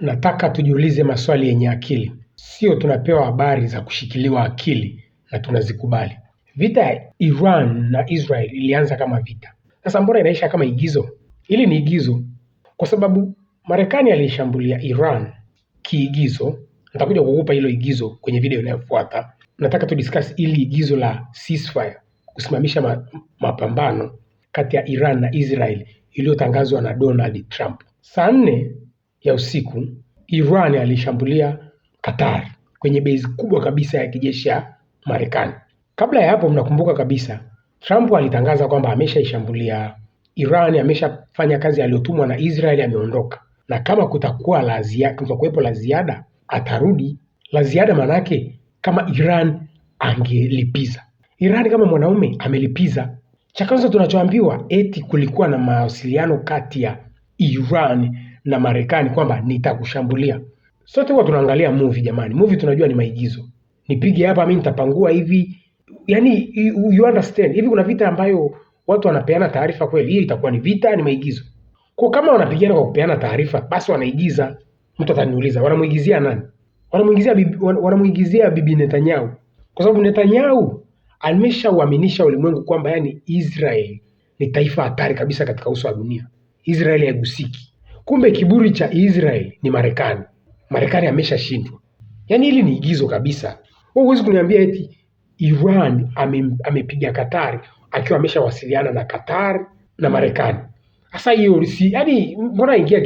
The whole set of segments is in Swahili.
nataka tujiulize maswali yenye akili. Sio tunapewa habari za kushikiliwa akili na tunazikubali. Vita ya Iran na Israel ilianza kama vita. Sasa mbona inaisha kama igizo? Hili ni igizo kwa sababu Marekani aliishambulia Iran kiigizo. Nitakuja kukupa hilo igizo kwenye video inayofuata. Nataka tudiscuss ili igizo la ceasefire, kusimamisha ma mapambano kati ya Iran na Israel iliyotangazwa na Donald Trump saa nne ya usiku Iran alishambulia Qatar kwenye base kubwa kabisa ya kijeshi ya Marekani. Kabla ya hapo, mnakumbuka kabisa Trump alitangaza kwamba ameshaishambulia Iran, ameshafanya kazi aliyotumwa na Israel, ameondoka, na kama kutakuwa la ziada, kutakuwepo la ziada, atarudi la ziada. Manake kama Iran angelipiza Iran kama mwanaume amelipiza. Cha kwanza tunachoambiwa eti kulikuwa na mawasiliano kati ya Iran na Marekani kwamba nitakushambulia. Sote huwa tunaangalia movie jamani, movie tunajua ni maigizo, nipige hapa mimi nitapangua hivi, yani you understand hivi. Kuna vita ambayo watu wanapeana taarifa kweli, hii itakuwa ni vita, ni maigizo. Kwa kama wanapigana kwa kupeana taarifa, basi wanaigiza. Mtu ataniuliza wanamuigizia nani? Wanamuigizia bibi, wanamuigizia bibi Netanyahu, kwa sababu Netanyahu ameshauaminisha ulimwengu kwamba yani Israel ni taifa hatari kabisa katika uso wa dunia. Israel haigusiki. Kumbe kiburi cha Israeli ni Marekani. Marekani ameshashindwa. Yaani hili ni igizo kabisa. Wewe huwezi kuniambia eti Iran amepiga ame Katari akiwa ameshawasiliana na Katari na Marekani. Sasa hiyo si yaani mbona ingia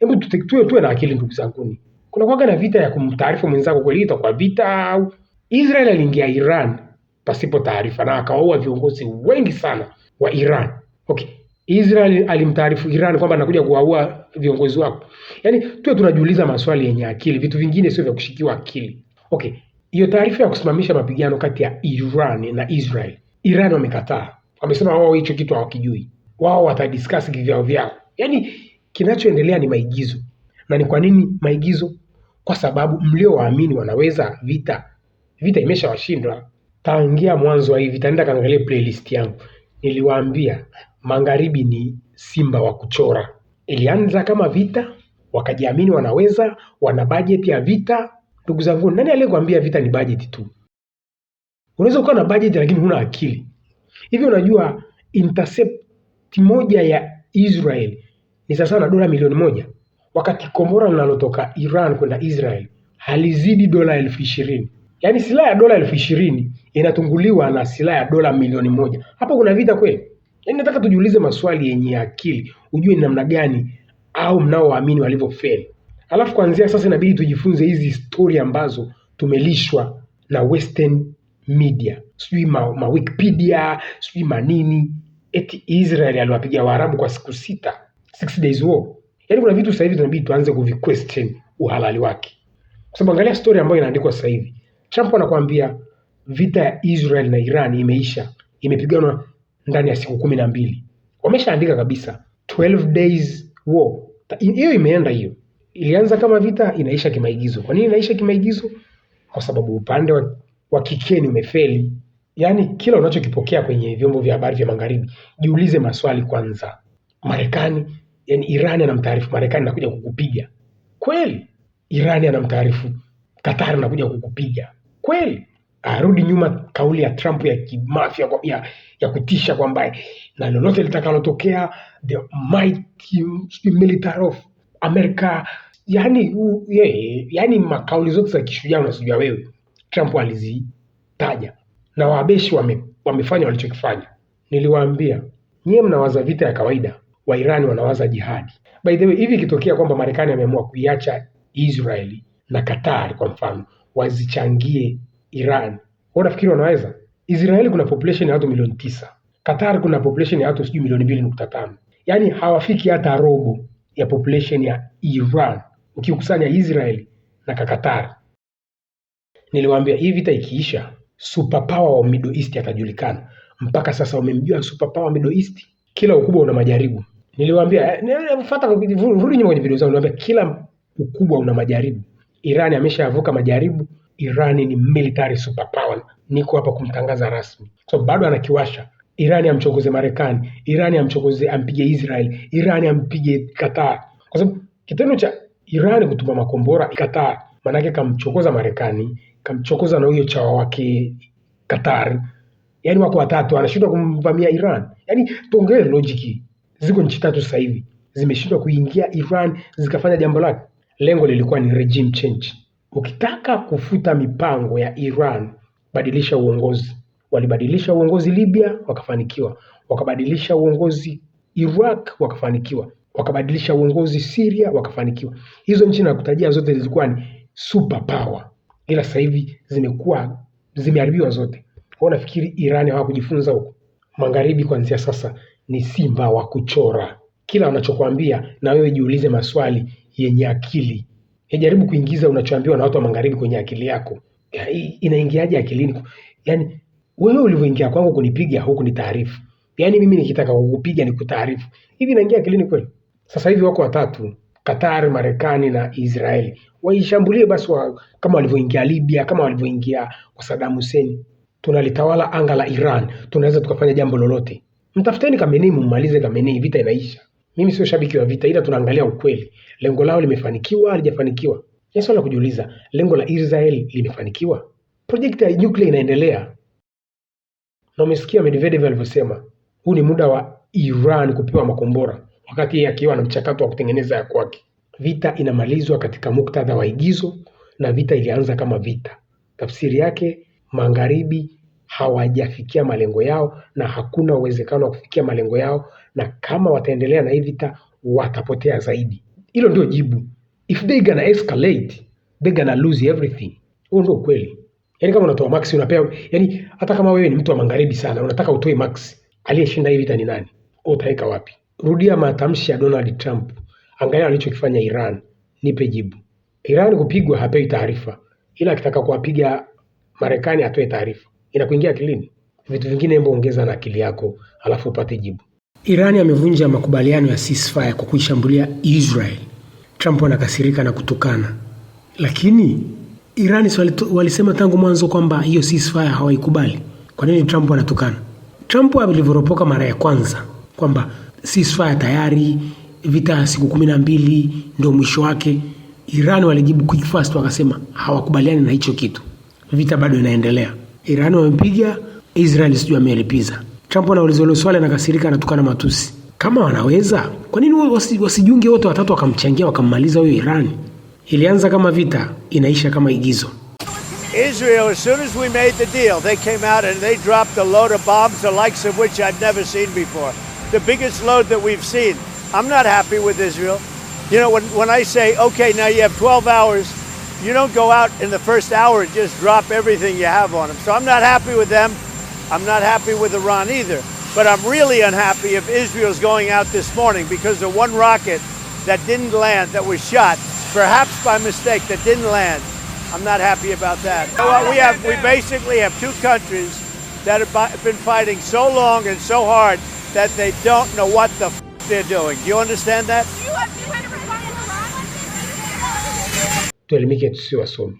hebu tuwe tuwe na akili ndugu zangu. Kuna kwaga na vita ya kumtaarifu mwenzako kweli itakuwa vita au Israeli aliingia Iran pasipo taarifa na akawaua viongozi wengi sana wa Iran. Okay. Israel alimtaarifu Iran kwamba anakuja kuwaua viongozi wako. Yaani tuwe tunajiuliza maswali yenye akili, vitu vingine sio vya kushikiwa akili. Okay, hiyo taarifa ya kusimamisha mapigano kati ya Iran na Israel, Iran wamekataa, wamesema wao hicho kitu hawakijui, wao watadiscuss vivyao vyao. Yaani kinachoendelea ni maigizo. Na ni kwa nini maigizo? Kwa sababu mliowaamini wanaweza vita, vita imeshawashindwa tangia mwanzo wa hii vita. Nenda kaangalie playlist yangu, niliwaambia magharibi ni simba wa kuchora. Ilianza kama vita, wakajiamini wanaweza, wana budget ya vita. Ndugu zangu, nani aliyekuambia vita ni budget tu? Unaweza ukawa na budget lakini huna akili. Hivi unajua intercept moja ya Israel ni sasa na dola milioni moja, wakati kombora linalotoka Iran kwenda Israel halizidi dola elfu ishirini. Yaani silaha ya dola elfu ishirini inatunguliwa na silaha ya dola milioni moja. Hapo kuna vita kweli? Yaani nataka tujiulize maswali yenye akili, ujue ni namna gani au mnaowaamini walivyofeli. alafu kuanzia sasa inabidi tujifunze hizi story ambazo tumelishwa na western media, sijui ma, ma Wikipedia, sijui manini, eti Israel aliwapiga Waarabu kwa siku sita, six days war. Yaani kuna vitu sasa hivi tunabidi tuanze question uhalali wake, kwa sababu angalia stori ambayo inaandikwa sasa hivi, Trump anakuambia vita ya Israel na Iran imeisha, imepiganwa ndani ya siku kumi na mbili. Wameshaandika kabisa 12 days war. Hiyo imeenda hiyo, ilianza kama vita, inaisha kimaigizo. Kwa nini inaisha kimaigizo? Kwa sababu upande wa, wa kikeni umefeli. Yaani kila unachokipokea kwenye vyombo vya habari vya magharibi, jiulize maswali kwanza. Marekani, yani Irani anamtaarifu Marekani nakuja kukupiga kweli? Irani anamtaarifu Katari nakuja kukupiga kweli? arudi nyuma kauli ya Trump ya kimafia ya, ya kutisha kwamba na lolote litakalotokea the mighty military of America. Yani, yeye yani makauli zote za kishujaa unasijua wewe Trump alizitaja na wabeshi wame, wamefanya walichokifanya. Niliwaambia nyie mnawaza vita ya kawaida, Wairani wanawaza jihadi. By the way, hivi ikitokea kwamba Marekani ameamua kuiacha Israeli na Qatar kwa mfano wazichangie Iran. Wao nafikiri wanaweza? Israeli kuna population ya watu milioni tisa. Qatar kuna population ya watu sijui milioni mbili nukta tano. Yaani hawafiki hata robo ya population ya Iran ukikusanya Israeli na Qatar. Niliwaambia hii vita ikiisha, superpower wa Middle East atajulikana. Mpaka sasa wamemjua superpower wa Middle East, kila ukubwa una majaribu. Niliwaambia eh, nifuata eh, rudi nyuma kwenye video zangu, niliwaambia kila ukubwa una majaribu. Iran ameshavuka majaribu. Irani ni military superpower. Niko hapa kumtangaza rasmi, so bado anakiwasha. Irani amchokoze Marekani, Irani amchokoze, ampige Israel, Irani ampige Qatar, kwa sababu kitendo cha Irani kutuma makombora Qatar, maanake kamchokoza Marekani, kamchokoza na huyo chawa wake Qatar, yani wako watatu, anashindwa kumvamia Iran. Yani tuongee logic, ziko nchi tatu sasa hivi zimeshindwa kuingia Iran zikafanya jambo lake. Lengo lilikuwa ni regime change. Ukitaka kufuta mipango ya Iran, badilisha uongozi. Walibadilisha uongozi Libya, wakafanikiwa. Wakabadilisha uongozi Iraq, wakafanikiwa. Wakabadilisha uongozi Syria, wakafanikiwa. Hizo nchi nakutajia zote zilikuwa ni super power, ila sasa hivi zimekuwa zimeharibiwa zote. Kwa nafikiri Iran hawakujifunza huko. Magharibi kuanzia sasa ni simba wa kuchora, kila wanachokwambia na wewe jiulize maswali yenye akili jaribu kuingiza unachoambiwa na watu wa magharibi kwenye akili yako. Inaingiaje akilini? Yaani wewe ulivyoingia kwangu kunipiga huku ni taarifu. Yaani mimi nikitaka kukupiga ni kutaarifu. Hivi inaingia akilini kweli? Sasa hivi wako watatu, Qatar, Marekani na Israeli. Waishambulie basi wa, kama walivyoingia Libya, kama walivyoingia kwa Saddam Hussein. Tunalitawala anga la Iran. Tunaweza tukafanya jambo lolote. Mtafuteni Khamenei, mummalize Khamenei, vita inaisha. Mimi sio shabiki wa vita, ila tunaangalia ukweli. Lengo lao limefanikiwa, halijafanikiwa? Ni swali la kujiuliza. Lengo la Israel limefanikiwa? Projekti ya nyuklia inaendelea, na umesikia Medvedev alivyosema, huu ni muda wa Iran kupewa makombora, wakati yeye akiwa na mchakato wa kutengeneza ya kwake. Vita inamalizwa katika muktadha wa igizo, na vita ilianza kama vita. Tafsiri yake magharibi hawajafikia malengo yao na hakuna uwezekano wa kufikia malengo yao, na kama wataendelea na hii vita watapotea zaidi. Hilo ndio jibu. If they gonna escalate, they gonna lose everything. Huo ndio ukweli. Yaani kama unatoa max unapewa, yaani hata kama wewe ni mtu wa magharibi sana unataka utoe max, aliyeshinda hii vita ni nani? Utaweka wapi? Rudia matamshi ya Donald Trump, angalia alichokifanya Iran. Nipe jibu. Iran kupigwa hapewi taarifa, ila akitaka kuwapiga Marekani atoe taarifa inakuingia akilini. Vitu vingine hebu ongeza na akili yako, alafu upate jibu. Irani amevunja makubaliano ya ceasefire kwa kuishambulia Israel. Trump anakasirika na kutukana, lakini Irani walisema tangu mwanzo kwamba hiyo ceasefire hawaikubali. Kwa nini Trump anatukana? Trump alivyoropoka mara ya kwanza kwamba ceasefire tayari, vita siku kumi na mbili ndio mwisho wake. Irani walijibu quick fast, wakasema hawakubaliani na hicho kitu, vita bado inaendelea. Iran wamempiga Israel, sijui amelipiza. Trump anaulizwa ile swali, anakasirika, anatukana matusi. Kama wanaweza, kwa nini wasi, wasijunge wote watatu wakamchangia wakammaliza huyo Iran? Ilianza kama vita, inaisha kama igizo. Israel, as soon as we made the deal, they came out and they dropped a load of bombs, the likes of which I've never seen before. The biggest load that we've seen. I'm not happy with Israel. You know, when, when I say, okay, now you have 12 hours you don't go out in the first hour and just drop everything you have on them. So I'm not happy with them. I'm not happy with Iran either. But I'm really unhappy if Israel's going out this morning because the one rocket that didn't land, that was shot, perhaps by mistake, that didn't land, I'm not happy about that. we have we basically have two countries that have been fighting so long and so hard that they don't know what the f- they're doing. Do you understand that? Tuelimike tusiwasome.